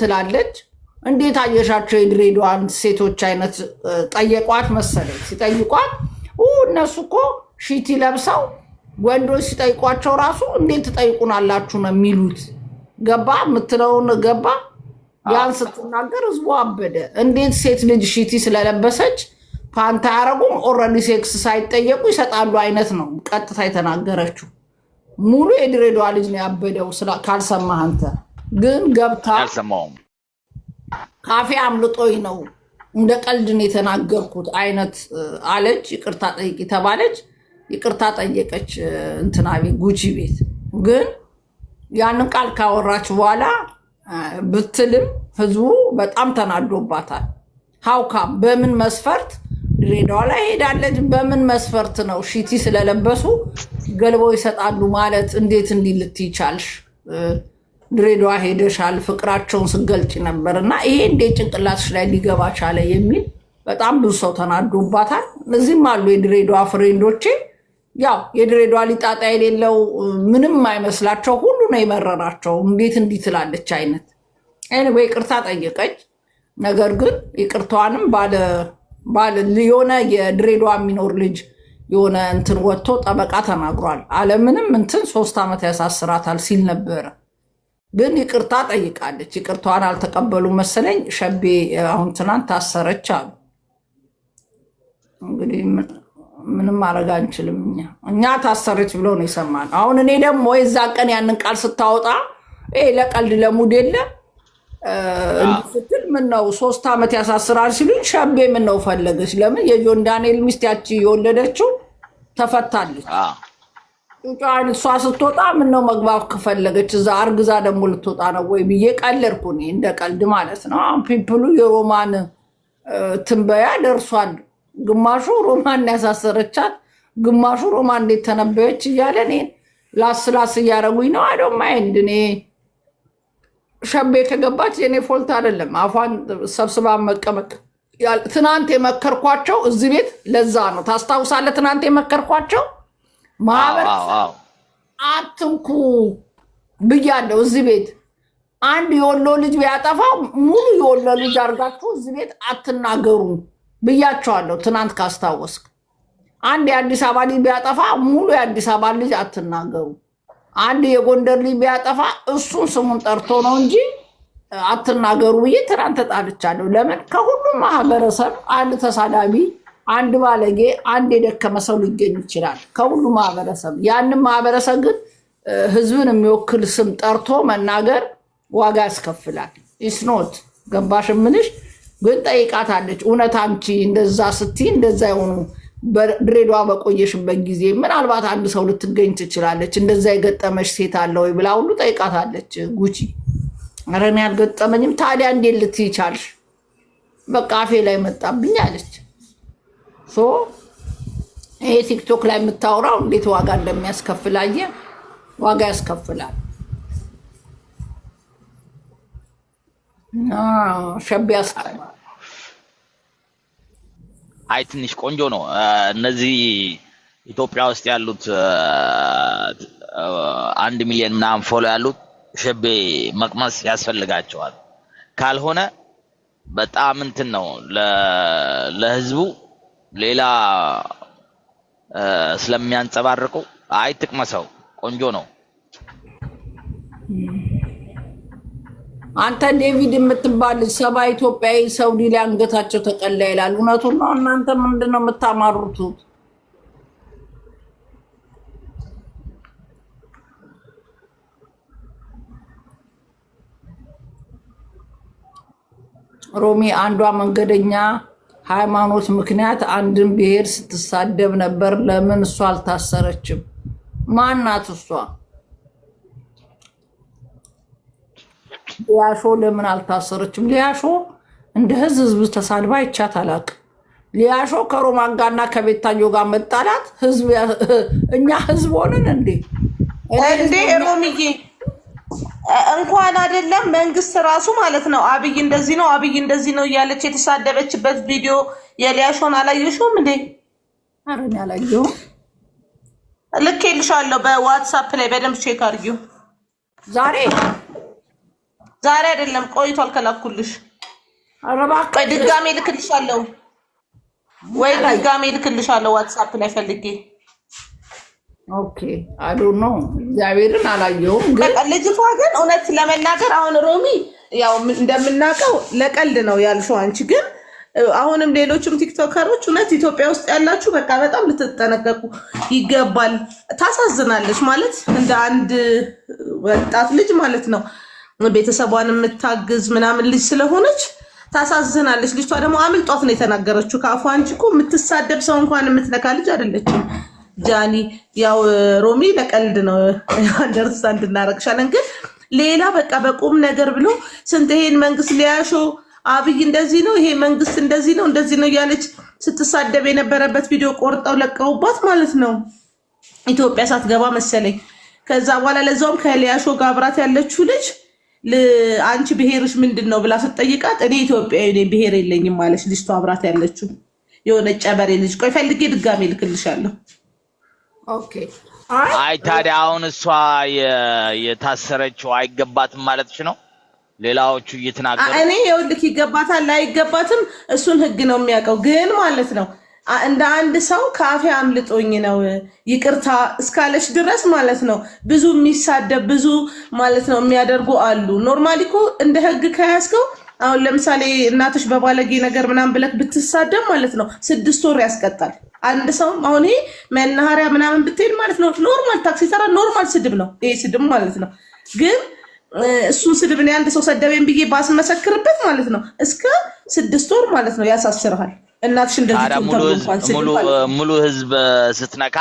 ትላለች። እንዴት አየሻቸው የድሬዳዋን ሴቶች አይነት ጠየቋት መሰለኝ። ሲጠይቋት እነሱ እኮ ሺቲ ለብሰው ወንዶች ሲጠይቋቸው ራሱ እንዴት ትጠይቁናላችሁ ነው የሚሉት። ገባ የምትለውን ገባ። ያን ስትናገር ህዝቡ አበደ። እንዴት ሴት ልጅ ሺቲ ስለለበሰች ፓንታ ያረጉም ኦልሬዲ ሴክስ ሳይጠየቁ ይሰጣሉ አይነት ነው ቀጥታ የተናገረችው። ሙሉ የድሬዳዋ ልጅ ነው ያበደው። ካልሰማህ አንተ ግን ገብታ ካፌ አምልጦኝ ነው እንደ ቀልድን የተናገርኩት አይነት አለች። ይቅርታ ጠይቂ ተባለች። ይቅርታ ጠየቀች እንትና ቤት ጉቺ ቤት። ግን ያንን ቃል ካወራች በኋላ ብትልም ህዝቡ በጣም ተናዶባታል። ሀውካም በምን መስፈርት ድሬዳዋ ላይ ሄዳለች? በምን መስፈርት ነው ሺቲ ስለለበሱ ገልበው ይሰጣሉ ማለት እንዴት እንዲልት ይቻልሽ? ድሬዳዋ ሄደሻል ፍቅራቸውን ስገልጭ ነበር እና ይሄ እንዴት ጭንቅላትሽ ላይ ሊገባ ቻለ የሚል በጣም ብዙ ሰው ተናዶባታል። እዚህም አሉ የድሬዳዋ ፍሬንዶቼ ያው የድሬዳዋ ሊጣጣ የሌለው ምንም አይመስላቸው ሁሉ ነው የመረራቸው። እንዴት እንዲህ ትላለች አይነት ወይ ቅርታ ጠየቀች። ነገር ግን ይቅርታዋንም የሆነ የድሬዳዋ የሚኖር ልጅ የሆነ እንትን ወጥቶ ጠበቃ ተናግሯል። አለምንም እንትን ሶስት ዓመት ያሳስራታል ሲል ነበረ። ግን ይቅርታ ጠይቃለች። ይቅርቷን አልተቀበሉ መሰለኝ። ሸቤ አሁን ትናንት ታሰረች አሉ። እንግዲህ ምንም ማድረግ አንችልም። እኛ እኛ ታሰረች ብሎ ነው የሰማነው። አሁን እኔ ደግሞ የዛ ቀን ያንን ቃል ስታወጣ ለቀልድ ለሙድ የለ ስትል ምን ነው ሶስት ዓመት ያሳስራል ሲሉኝ፣ ሸቤ ምን ነው ፈለገች? ለምን የጆን ዳንኤል ሚስት ያቺ የወለደችው ተፈታለች። ጩጫን እሷ ስትወጣ ምን ነው መግባብ ከፈለገች እዛ አርግዛ ደግሞ ልትወጣ ነው ወይ ብዬ ቀለድኩ። እኔ እንደ ቀልድ ማለት ነው። አሁን ፒፕሉ የሮማን ትንበያ ደርሷል። ግማሹ ሮማን ያሳሰረቻት፣ ግማሹ ሮማን እንዴት ተነበየች እያለ እኔን ላስ ላስ እያደረጉኝ ነው። አይ ዶንት ማይንድ እኔ ሸቤ የተገባች የኔ ፎልት አይደለም። አፏን ሰብስባ መቀመቅ ትናንት የመከርኳቸው እዚህ ቤት ለዛ ነው። ታስታውሳለህ? ትናንት የመከርኳቸው ማህበረሰብ አትንኩ ብያለሁ። እዚህ ቤት አንድ የወሎ ልጅ ቢያጠፋ ሙሉ የወሎ ልጅ አድርጋችሁ እዚህ ቤት አትናገሩ ብያቸዋለሁ። ትናንት ካስታወስክ አንድ የአዲስ አበባ ልጅ ቢያጠፋ ሙሉ የአዲስ አበባ ልጅ አትናገሩ። አንድ የጎንደር ልጅ ቢያጠፋ እሱን ስሙን ጠርቶ ነው እንጂ አትናገሩ ብዬ ትናንት ተጣልቻለሁ። ለምን ከሁሉም ማህበረሰብ አንድ ተሳዳቢ አንድ ባለጌ፣ አንድ የደከመ ሰው ሊገኝ ይችላል ከሁሉ ማህበረሰብ። ያንም ማህበረሰብ ግን ህዝብን የሚወክል ስም ጠርቶ መናገር ዋጋ ያስከፍላል። ኢስኖት ገባሽ ምንሽ ግን ጠይቃታለች። እውነት አንቺ እንደዛ ስቲ እንደዛ የሆኑ በድሬዳዋ በቆየሽበት ጊዜ ምናልባት አንድ ሰው ልትገኝ ትችላለች፣ እንደዛ የገጠመሽ ሴት አለ ወይ ብላ ሁሉ ጠይቃታለች። ጉቺ ረን ያልገጠመኝም ታዲያ እንዴ ልትይቻልሽ? በቃ አፌ ላይ መጣብኝ አለች። ይሄ ቲክቶክ ላይ የምታወራው እንዴት ዋጋ እንደሚያስከፍላየ ዋጋ ያስከፍላል። ሸቢ አይ ትንሽ ቆንጆ ነው። እነዚህ ኢትዮጵያ ውስጥ ያሉት አንድ ሚሊዮን ምናምን ፎሎ ያሉት ሸቤ መቅመስ ያስፈልጋቸዋል። ካልሆነ በጣም እንትን ነው ለህዝቡ ሌላ ስለሚያንጸባርቁ አይ ትቅመሰው፣ ቆንጆ ነው። አንተ ዴቪድ የምትባል ሰባ ኢትዮጵያዊ ሰውዲ ላይ አንገታቸው ተቀላ ይላል። እውነቱ ነው። እናንተ ምንድን ነው የምታማሩት? ሮሚ አንዷ መንገደኛ ሃይማኖት ምክንያት አንድን ብሔር ስትሳደብ ነበር። ለምን እሷ አልታሰረችም? ማናት እሷ? ሊያሾ ለምን አልታሰረችም? ሊያሾ እንደ ህዝብ ህዝብ ተሳድባ ይቻት አላቅ ሊያሾ ከሮማን ጋርና ከቤታዮ ጋር መጣላት እኛ ህዝብ ሆንን እንዴ እንዴ ሮምዬ እንኳን አይደለም መንግስት ራሱ ማለት ነው። አብይ እንደዚህ ነው፣ አብይ እንደዚህ ነው እያለች የተሳደበችበት ቪዲዮ የሊያሾን አላየሽውም እንዴ? አረን እኔ አላየሁም። ልኬልሻለሁ በዋትሳፕ ላይ በደንብ ቼክ አድርጊው። ዛሬ ዛሬ አይደለም ቆይቷል ከላኩልሽ። ቆይ ድጋሜ ልክልሻለሁ ወይ ድጋሜ ልክልሻለሁ ዋትሳፕ ላይ ፈልጌ ኦኬ አዶ ነው እግዚአብሔርን አላየውም። ልጅቷ ግን እውነት ለመናገር አሁን ሮሚ ያው እንደምናውቀው ለቀልድ ነው ያልሽው አንቺ ግን አሁንም ሌሎችም ቲክቶከሮች እውነት ኢትዮጵያ ውስጥ ያላችሁ በቃ በጣም ልትጠነቀቁ ይገባል። ታሳዝናለች ማለት እንደ አንድ ወጣት ልጅ ማለት ነው ቤተሰቧን የምታግዝ ምናምን ልጅ ስለሆነች ታሳዝናለች። ልጅቷ ደግሞ አምልጧት ነው የተናገረችው ከአፏ። አንቺ እኮ የምትሳደብ ሰው እንኳን የምትነካ ልጅ አይደለችም። ጃኒ ያው ሮሚ ለቀልድ ነው አንደርስታንድ እናደርግሻለን። ግን ሌላ በቃ በቁም ነገር ብሎ ስንት ይሄን መንግስት ሊያሾ አብይ እንደዚህ ነው፣ ይሄ መንግስት እንደዚህ ነው፣ እንደዚህ ነው እያለች ስትሳደብ የነበረበት ቪዲዮ ቆርጠው ለቀውባት ማለት ነው። ኢትዮጵያ ሳትገባ መሰለኝ። ከዛ በኋላ ለዛውም ከሊያሾ ጋር አብራት ያለችው ልጅ አንቺ ብሔርሽ ምንድን ነው ብላ ስትጠይቃት እኔ ኢትዮጵያዊ ብሄር የለኝም ማለች ልጅቷ አብራት ያለችው የሆነ ጨበሬ ልጅ። ቆይ ፈልጌ ድጋሜ ልክልሻለሁ። አይ ታዲያ አሁን እሷ የታሰረችው አይገባትም ማለትሽ ነው? ሌላዎቹ እየተናገሩ እኔ የውልክ ይገባታል አይገባትም፣ እሱን ህግ ነው የሚያውቀው። ግን ማለት ነው እንደ አንድ ሰው ካፌ አምልጦኝ ነው ይቅርታ እስካለች ድረስ ማለት ነው። ብዙ የሚሳደብ ብዙ ማለት ነው የሚያደርጉ አሉ። ኖርማሊ እኮ እንደ ህግ ከያዝከው አሁን ለምሳሌ እናቶች በባለጌ ነገር ምናምን ብለክ ብትሳደብ ማለት ነው ስድስት ወር ያስቀጣል። አንድ ሰው አሁን ይሄ መናኸሪያ ምናምን ብትሄድ ማለት ነው ኖርማል ታክሲ ሰራ ኖርማል ስድብ ነው ይሄ ስድብ ማለት ነው። ግን እሱን ስድብ እኔ አንድ ሰው ሰደበኝ ብዬ ባስመሰክርበት ማለት ነው እስከ ስድስት ወር ማለት ነው ያሳስርሃል። እናትሽ እንደዚህ ሙሉ ህዝብ ስትነካ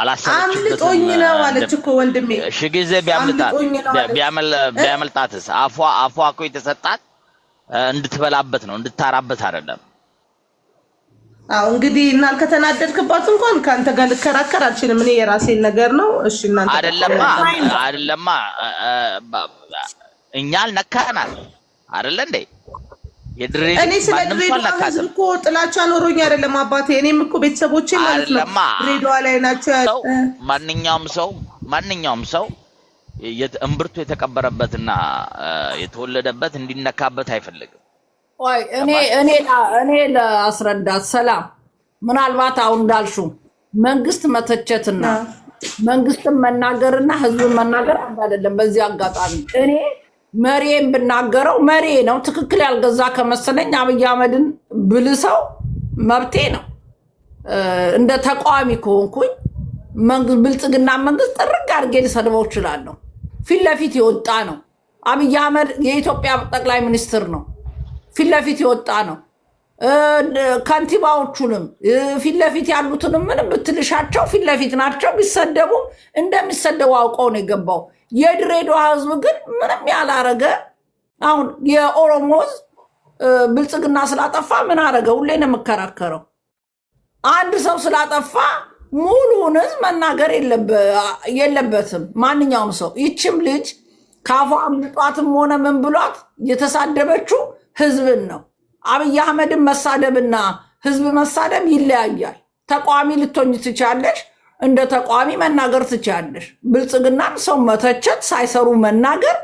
አላሰአምልጦኝ ነው አለች እኮ ወንድሜ። እሺ ጊዜ ቢያመልጣትስ? አፏ እኮ የተሰጣት እንድትበላበት ነው እንድታራበት አይደለም። አዎ እንግዲህ እና ከተናደድክባት እንኳን ከአንተ ጋር ልከራከር አልችልም። እኔ የራሴን ነገር ነው። እሺ እናንተ አይደለማ አይደለማ እኛ አልነካናል አይደለ እንዴ? የድሬ እኔ ስለ ድሬዳዋ ህዝብ እኮ ጥላቻ ኖሮኝ አይደለም አባቴ። እኔም እኮ ቤተሰቦቼ ማለት ነው ድሬዳዋ ላይ ናቸው። ማንኛውም ሰው ማንኛውም ሰው እምብርቱ የተቀበረበትና የተወለደበት እንዲነካበት አይፈልግም። እኔ ለአስረዳት ሰላም፣ ምናልባት አሁን እንዳልሽው መንግስት መተቸትና መንግስትን መናገርና ህዝብን መናገር አንድ አይደለም። በዚህ አጋጣሚ እኔ መሪዬን ብናገረው መሪ ነው። ትክክል ያልገዛ ከመሰለኝ አብይ አህመድን ብልሰው መብቴ ነው። እንደ ተቃዋሚ ከሆንኩኝ ብልጽግና መንግስት ጥርግ አድርጌ ልሰድበው እችላለሁ። ፊት ለፊት የወጣ ነው። አብይ አህመድ የኢትዮጵያ ጠቅላይ ሚኒስትር ነው። ፊት ለፊት የወጣ ነው። ከንቲባዎቹንም ፊት ለፊት ያሉትንም ምንም ብትልሻቸው ፊት ለፊት ናቸው። ቢሰደቡ እንደሚሰደቡ አውቀው ነው የገባው። የድሬዳዋ ህዝብ ግን ምንም ያላረገ አሁን የኦሮሞ ህዝብ ብልጽግና ስላጠፋ ምን አረገ? ሁሌ ነው የምከራከረው። አንድ ሰው ስላጠፋ ሙሉውን ህዝብ መናገር የለበትም ማንኛውም ሰው። ይችም ልጅ ከአፏ አምልጧትም ሆነ ምን ብሏት የተሳደበችው ህዝብን ነው። አብይ አህመድን መሳደብና ህዝብ መሳደብ ይለያያል። ተቋሚ ልትሆኝ ትችያለሽ፣ እንደ ተቋሚ መናገር ትችያለሽ። ብልጽግናን ሰው መተቸት፣ ሳይሰሩ መናገር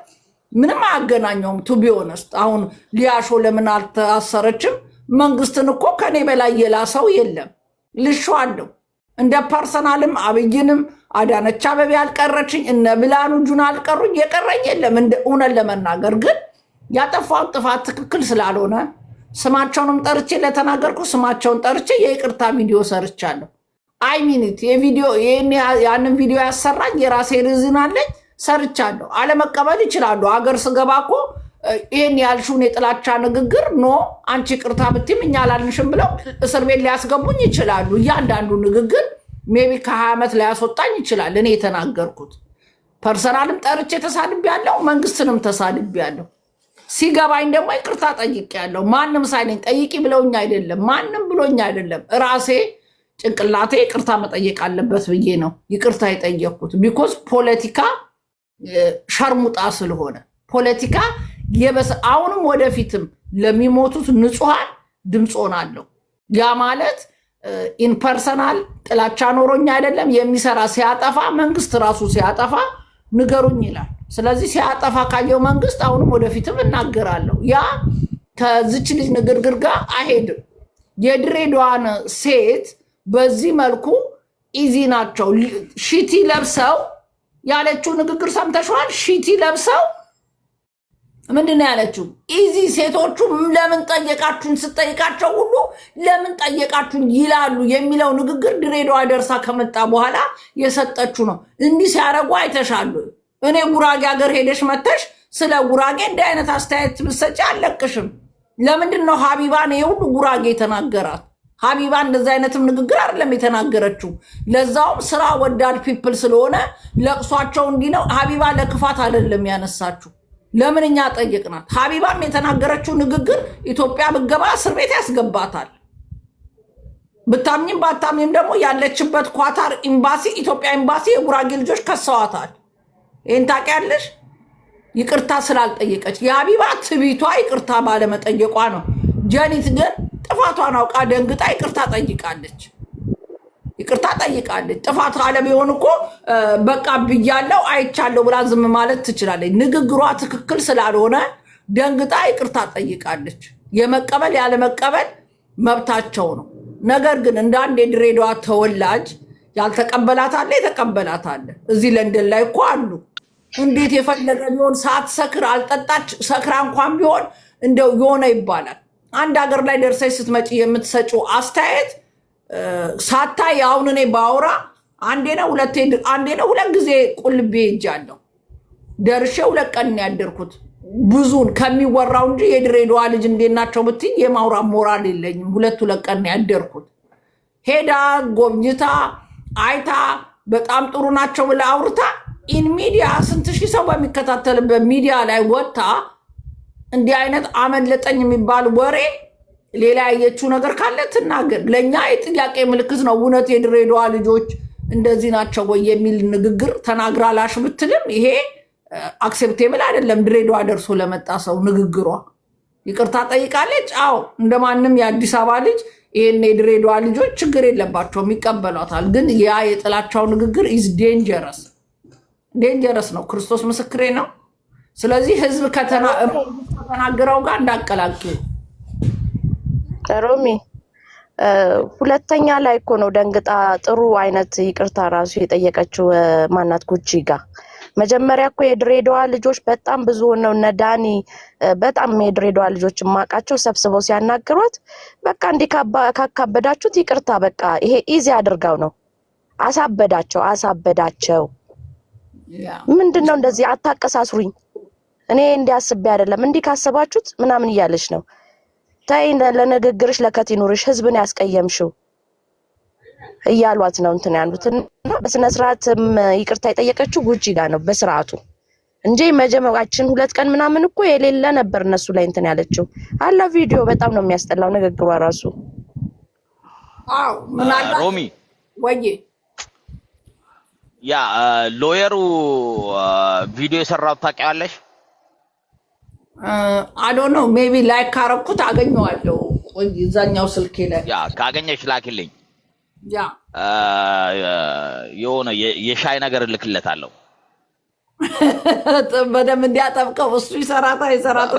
ምንም አያገናኘውም። ቱ ቢሆነስት አሁን ሊያሾ ለምን አልታሰረችም? መንግስትን እኮ ከኔ በላይ የላሰው የለም። አለው እንደ ፐርሰናልም አብይንም አዳነች አበቤ አልቀረችኝ፣ እነ ብላኑ ጁን አልቀሩኝ፣ የቀረኝ የለም እውነት ለመናገር ግን ያጠፋው ጥፋት ትክክል ስላልሆነ ስማቸውንም ጠርቼ ለተናገርኩ ስማቸውን ጠርቼ የይቅርታ ቪዲዮ ሰርቻለሁ። አይ ሚኒት የቪዲዮ ያንን ቪዲዮ ያሰራኝ የራሴ ርዝን አለኝ ሰርቻለሁ። አለመቀበል ይችላሉ። አገር ስገባ እኮ ይህን ያልሽውን የጥላቻ ንግግር ኖ አንቺ ቅርታ ብትይም እኛ አላልንሽም ብለው እስር ቤት ሊያስገቡኝ ይችላሉ። እያንዳንዱ ንግግር ሜቢ ከሀያ ዓመት ሊያስወጣኝ ይችላል። እኔ የተናገርኩት ፐርሰናልም ጠርቼ ተሳድቤያለሁ፣ መንግስትንም ተሳድቤያለሁ። ሲገባኝ ደግሞ ይቅርታ ያለው ማንም ሳይነኝ ጠይቂ ብለውኝ አይደለም፣ ማንም ብሎኝ አይደለም። ራሴ ጭንቅላቴ ይቅርታ መጠየቅ አለበት ብዬ ነው ይቅርታ የጠየቅኩት። ቢኮዝ ፖለቲካ ሸርሙጣ ስለሆነ ፖለቲካ የበሰ አሁንም ወደፊትም ለሚሞቱት ንጹሐን ድምፅ ሆናለሁ። ያ ማለት ኢንፐርሰናል ጥላቻ ኖሮኝ አይደለም። የሚሰራ ሲያጠፋ፣ መንግስት ራሱ ሲያጠፋ ንገሩኝ ይላል። ስለዚህ ሲያጠፋ ካየው መንግስት አሁንም ወደፊትም እናገራለሁ። ያ ከዚች ልጅ ንግግር ጋር አይሄድም። የድሬዳዋን ሴት በዚህ መልኩ ኢዚ ናቸው። ሺቲ ለብሰው ያለችው ንግግር ሰምተሸዋል። ሺቲ ለብሰው ምንድን ነው ያለችው? ኢዚ ሴቶቹ ለምን ጠየቃችሁን? ስጠይቃቸው ሁሉ ለምን ጠየቃችሁን ይላሉ የሚለው ንግግር ድሬዳዋ ደርሳ ከመጣ በኋላ የሰጠችው ነው። እንዲህ ሲያደርጉ አይተሻሉ። እኔ ጉራጌ ሀገር ሄደሽ መተሽ ስለ ጉራጌ እንዲህ አይነት አስተያየት ብትሰጪ አለቅሽም። ለምንድን ነው ሀቢባን ይሄ ሁሉ ጉራጌ የተናገራት? ሀቢባ እንደዚ አይነትም ንግግር አይደለም የተናገረችው። ለዛውም ስራ ወዳድ ፒፕል ስለሆነ ለቅሷቸው እንዲህ ነው። ሀቢባ ለክፋት አይደለም ያነሳችሁ። ለምን እኛ ጠየቅናት። ሀቢባም የተናገረችው ንግግር ኢትዮጵያ ብገባ እስር ቤት ያስገባታል። ብታምኝም ባታምኝም ደግሞ ያለችበት ኳታር ኤምባሲ፣ ኢትዮጵያ ኤምባሲ የጉራጌ ልጆች ከሰዋታል። ይህን ታውቂያለሽ? ይቅርታ ስላልጠየቀች የሀቢባ ትቢቷ ይቅርታ ባለመጠየቋ ነው። ጀኒት ግን ጥፋቷን አውቃ ደንግጣ ይቅርታ ጠይቃለች። ይቅርታ ጠይቃለች። ጥፋት ካለ ቢሆን እኮ በቃ ብያለው አይቻለሁ ብላ ዝም ማለት ትችላለች። ንግግሯ ትክክል ስላልሆነ ደንግጣ ይቅርታ ጠይቃለች። የመቀበል ያለመቀበል መብታቸው ነው። ነገር ግን እንደ አንድ የድሬዳዋ ተወላጅ ያልተቀበላት አለ፣ የተቀበላት አለ። እዚህ ለንደን ላይ እኮ አሉ። እንዴት የፈለገ ቢሆን ሳትሰክር አልጠጣች ሰክራ እንኳን ቢሆን እንደው የሆነ ይባላል። አንድ ሀገር ላይ ደርሰሽ ስትመጪ የምትሰጪው አስተያየት ሳታይ አሁን እኔ ባወራ አንዴ ነው ሁለቴ አንዴ ነው ሁለት ጊዜ ቁልቤ ሄጃለሁ። ደርሼ ሁለት ቀን ያደርኩት ብዙን ከሚወራው እንጂ የድሬዳዋ ልጅ እንዴት ናቸው ብትይ የማውራ ሞራል የለኝም። ሁለት ሁለት ቀን ያደርኩት ሄዳ ጎብኝታ አይታ በጣም ጥሩ ናቸው ብለ አውርታ ኢን ሚዲያ ስንት ሺህ ሰው በሚከታተልበት ሚዲያ ላይ ወጥታ እንዲህ አይነት አመለጠኝ የሚባል ወሬ ሌላ ያየችው ነገር ካለ ትናገር። ለእኛ የጥያቄ ምልክት ነው። እውነት የድሬዳዋ ልጆች እንደዚህ ናቸው ወይ የሚል ንግግር ተናግራላሽ ብትልም ይሄ አክሴፕቴብል አይደለም። ድሬዳዋ ደርሶ ለመጣ ሰው ንግግሯ ይቅርታ ጠይቃለች። አዎ እንደማንም የአዲስ አበባ ልጅ ይህን የድሬዳዋ ልጆች ችግር የለባቸውም፣ ይቀበሏታል። ግን ያ የጥላቻው ንግግር ኢዝ ዴንጀረስ ዴንጀረስ ነው። ክርስቶስ ምስክሬ ነው። ስለዚህ ህዝብ ከተናገረው ጋር እንዳቀላቂ ሮሚ ሁለተኛ ላይ እኮ ነው ደንግጣ ጥሩ አይነት ይቅርታ ራሱ የጠየቀችው ማናት ጉቺ ጋር። መጀመሪያ እኮ የድሬዳዋ ልጆች በጣም ብዙ ሆነው እነ ዳኒ በጣም የድሬዳዋ ልጆች ማቃቸው ሰብስበው ሲያናግሯት በቃ እንዲህ ካካበዳችሁት ይቅርታ በቃ ይሄ ኢዚ አድርገው ነው አሳበዳቸው አሳበዳቸው ምንድን ነው እንደዚህ አታቀሳስሩኝ። እኔ እንዲያስቤ አይደለም እንዲህ ካሰባችሁት ምናምን እያለች ነው። ታይ ለንግግርሽ ለከት ይኑርሽ፣ ህዝብን ያስቀየምሽው እያሏት ነው እንትን ያሉት እና በስነ ስርዓትም ይቅርታ የጠየቀችው ጉጂ ጋ ነው በስርዓቱ እንጂ መጀመሪያችን ሁለት ቀን ምናምን እኮ የሌለ ነበር እነሱ ላይ እንትን ያለችው አለ ቪዲዮ በጣም ነው የሚያስጠላው ንግግሯ ራሱ። ሮሚ ወይ ያ ሎየሩ ቪዲዮ የሰራው ታውቂዋለሽ? አዶ ነው ሜቢ ላይ ካረኩት አገኘዋለሁ። እዛኛው ስልኬ ላይ ያ ካገኘሽ ላኪልኝ። ያ የሆነ የሻይ ነገር እልክለታለሁ በደንብ እንዲያጠብቀው። እሱ ይሰራታ ይሰራታ።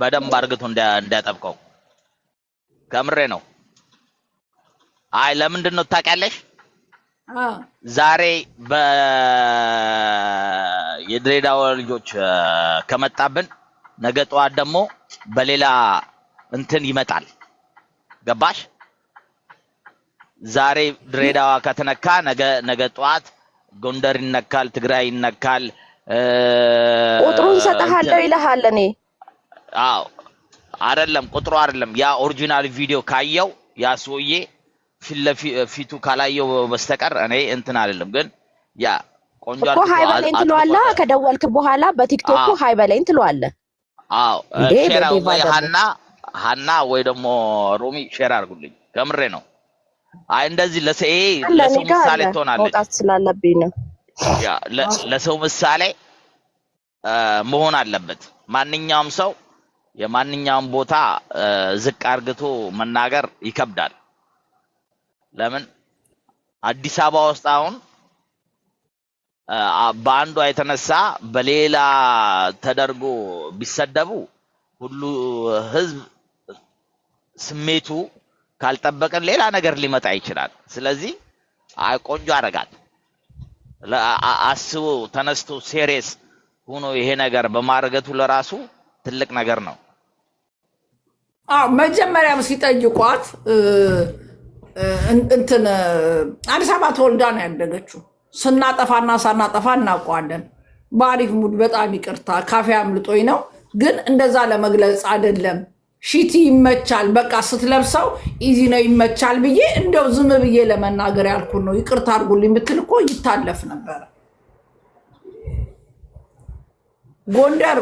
በደንብ አርግቶ እንዲያጠብቀው። ከምሬ ነው። አይ ለምንድን ነው ታውቂያለሽ? ዛሬ የድሬዳዋ ልጆች ከመጣብን ነገ ጠዋት ደግሞ በሌላ እንትን ይመጣል። ገባሽ? ዛሬ ድሬዳዋ ከተነካ ነገ ነገ ጠዋት ጎንደር ይነካል፣ ትግራይ ይነካል። ቁጥሩን ሰጠሃለሁ ይልሃል። እኔ አዎ፣ አይደለም ቁጥሩ አይደለም ያ ኦሪጂናል ቪዲዮ ካየው ያ ሰውዬ ፊቱ ካላየው በስተቀር እኔ እንትን አይደለም። ግን ያ ቆንጆ እኮ ሀይ በለኝ ትለዋለህ። ከደወልክ በኋላ በቲክቶክ ሀይ በለኝ ትለዋለህ። አዎ ሼር ወይ ሀና ሀና ወይ ደግሞ ሮሚ ሼር አድርጉልኝ። ከምሬ ነው። አይ እንደዚህ ለሰው ምሳሌ ትሆናለች። መውጣት ስላለብኝ ነው። ያ ለሰው ምሳሌ መሆን አለበት። ማንኛውም ሰው የማንኛውም ቦታ ዝቅ አርግቶ መናገር ይከብዳል። ለምን አዲስ አበባ ውስጥ አሁን በአንዷ የተነሳ በሌላ ተደርጎ ቢሰደቡ ሁሉ ህዝብ ስሜቱ ካልጠበቀን ሌላ ነገር ሊመጣ ይችላል። ስለዚህ አይ ቆንጆ አስቦ ተነስቶ ሴሬስ ሆኖ ይሄ ነገር በማረገቱ ለራሱ ትልቅ ነገር ነው። መጀመሪያም ሲጠይቋት እንትን አዲስ አበባ ተወልዳ ነው ያደገችው። ስናጠፋና ሳናጠፋ እናውቀዋለን። በአሪፍ ሙድ በጣም ይቅርታ ካፌ አምልጦኝ ነው፣ ግን እንደዛ ለመግለጽ አይደለም። ሺቲ ይመቻል፣ በቃ ስትለብሰው ኢዚ ነው ይመቻል ብዬ እንደው ዝም ብዬ ለመናገር ያልኩ ነው። ይቅርታ አድርጉልኝ የምትል እኮ ይታለፍ ነበረ። ጎንደር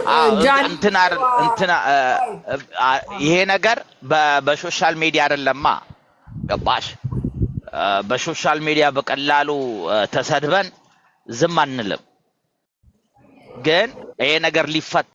ይሄ ነገር በሶሻል ሚዲያ አይደለማ ገባሽ? በሶሻል ሚዲያ በቀላሉ ተሰድበን ዝም አንልም። ግን ይሄ ነገር ሊፈት